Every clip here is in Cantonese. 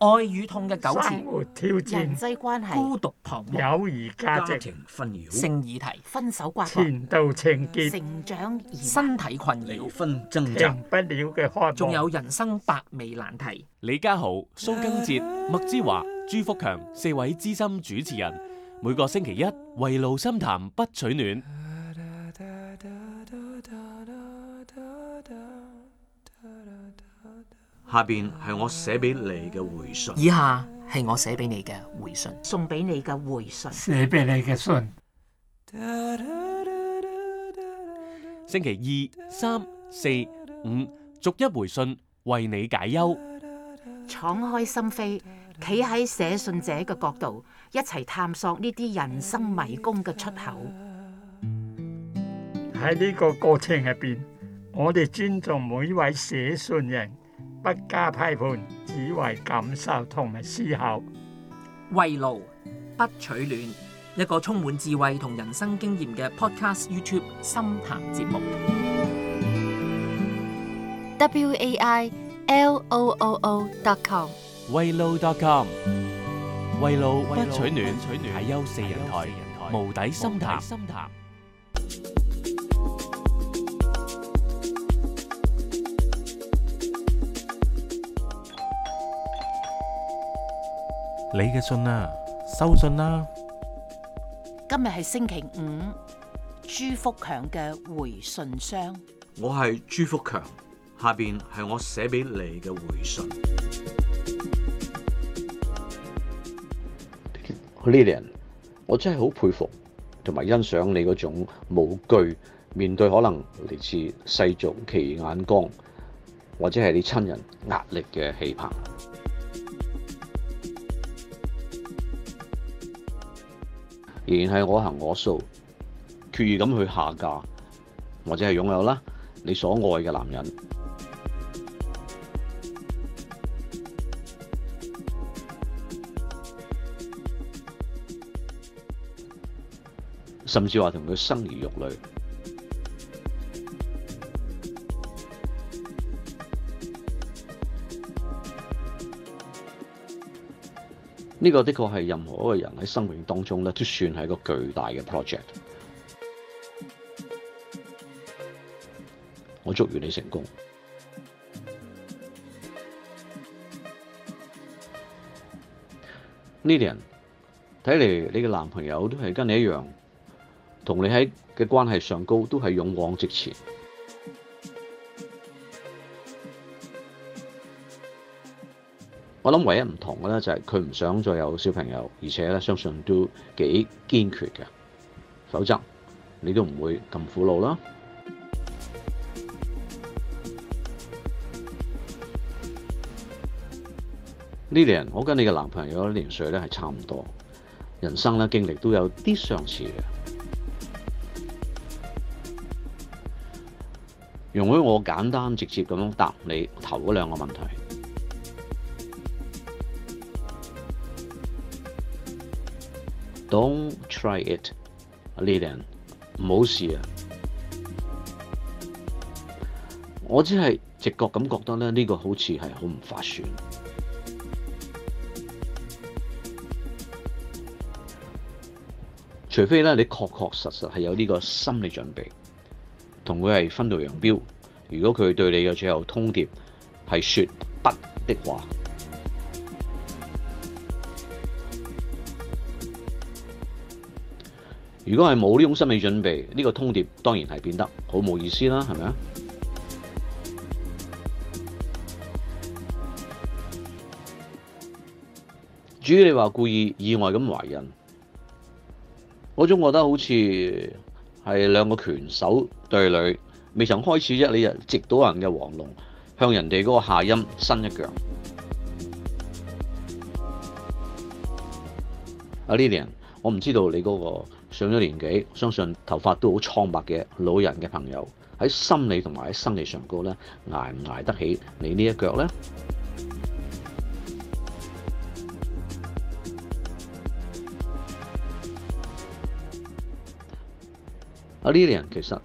愛與痛嘅糾纏，人際關係孤獨彷徨，友誼價值家庭困擾，性議題，分手瓜葛，前度情結，成長，身體困擾，離婚掙扎，停不了嘅開端，仲有人生百味難題。李家豪、蘇根哲、麥之華、朱福強四位資深主持人，每個星期一圍爐深談不取暖。下邊係我寫俾你嘅回信。以下係我寫俾你嘅回信，送俾你嘅回信，寫俾你嘅信。星期二、三、四、五，逐一回信，為你解憂。敞開心扉，企喺寫信者嘅角度，一齊探索呢啲人生迷宮嘅出口。喺呢個過程入邊，我哋尊重每一位寫信人。不加批判，只為感受同埋思考。圍爐不取暖，一個充滿智慧同人生經驗嘅 Podcast YouTube 深談節目。wailooo.com 圍爐 .com 圍爐不取暖，係由四人台無底深談。你嘅信啦、啊，收信啦、啊！今日係星期五，朱福強嘅回信箱。我係朱福強，下邊係我寫俾你嘅回信。Lilian，l 我真係好佩服同埋欣賞你嗰種無懼面對可能嚟自世俗嘅眼光或者係你親人壓力嘅氣魄。然，係我行我素，決意咁去下嫁，或者係擁有啦你所愛嘅男人，甚至話同佢生兒育女。呢個的確係任何一個人喺生命當中咧，都算係一個巨大嘅 project。我祝願你成功。Lilian，睇嚟，你嘅男朋友都係跟你一樣，同你喺嘅關係上高，都係勇往直前。我諗唯一唔同嘅咧，就係佢唔想再有小朋友，而且咧相信都幾堅決嘅，否則你都唔會咁苦惱啦。Lilian，我跟你嘅男朋友嗰年歲咧係差唔多，人生咧經歷都有啲相似嘅。容許我簡單直接咁樣答你頭嗰兩個問題。Don't try it, Lilian，唔好試啊！我只係直覺咁覺得咧，呢個好似係好唔划算。除非咧，你確確實實係有呢個心理準備，同佢係分道揚鑣。如果佢對你嘅最後通牒係說「不」的話。如果係冇呢種心理準備，呢、呢個通牒當然係變得好冇意思啦，係咪啊？ 至於你話故意意外咁懷孕，我總覺得好似係兩個拳手對壘，未曾開始啫，你就直搗人嘅黃龍向人哋嗰個下陰伸一腳，阿 Lilian。 我唔知道你嗰個上咗年紀、相信頭髮都好蒼白嘅老人嘅朋友，喺心理同埋喺生理上高咧，捱唔捱得起你呢一腳咧？啊，呢啲人其實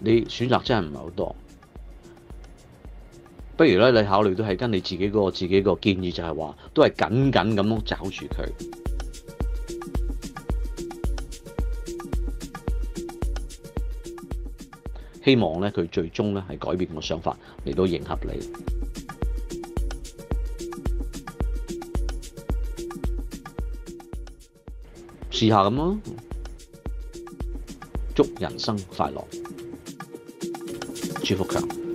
你選擇真係唔係好多，不如咧你考慮都係跟你自己嗰個自己個建議就是說，就係話都係緊緊咁樣抓住佢。希望呢，佢最終呢係改變個想法嚟到迎合你，試下咁咯。祝人生快樂，朱福強。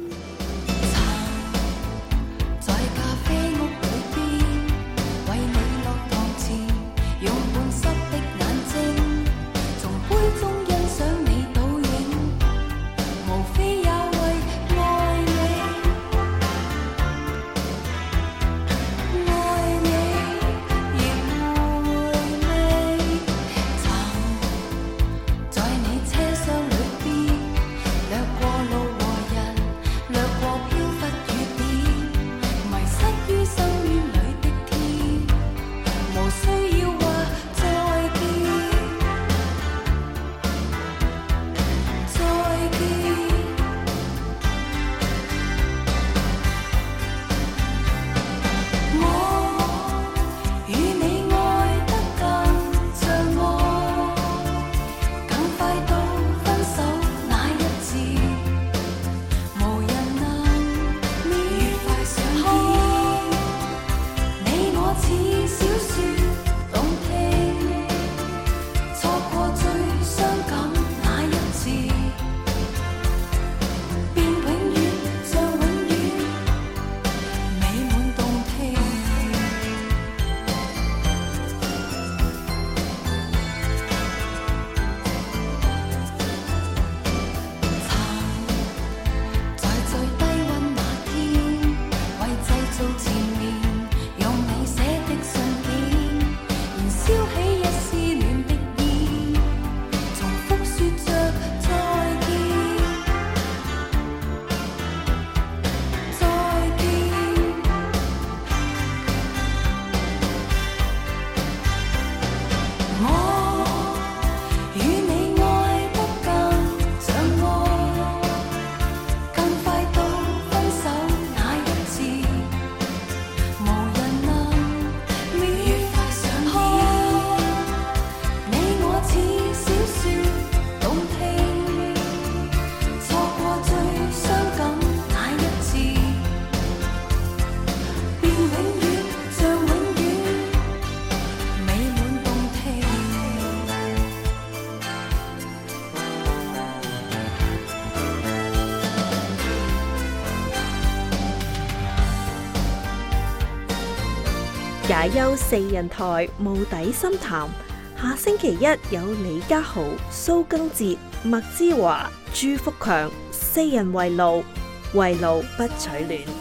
解憂四人台無底深談，下星期一有李家豪、蘇庚哲、麥之華、朱福強，四人圍爐，圍爐不取暖。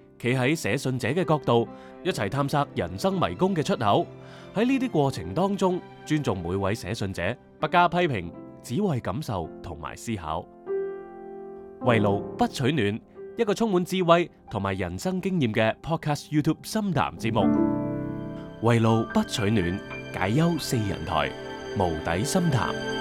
企喺寫信者嘅角度，一齊探索人生迷宮嘅出口。喺呢啲過程當中，尊重每位寫信者，不加批評，只為感受同埋思考。圍爐不取暖，一個充滿智慧同埋人生經驗嘅 Podcast YouTube 深談節目。圍爐不取暖，解憂四人台，無底深談。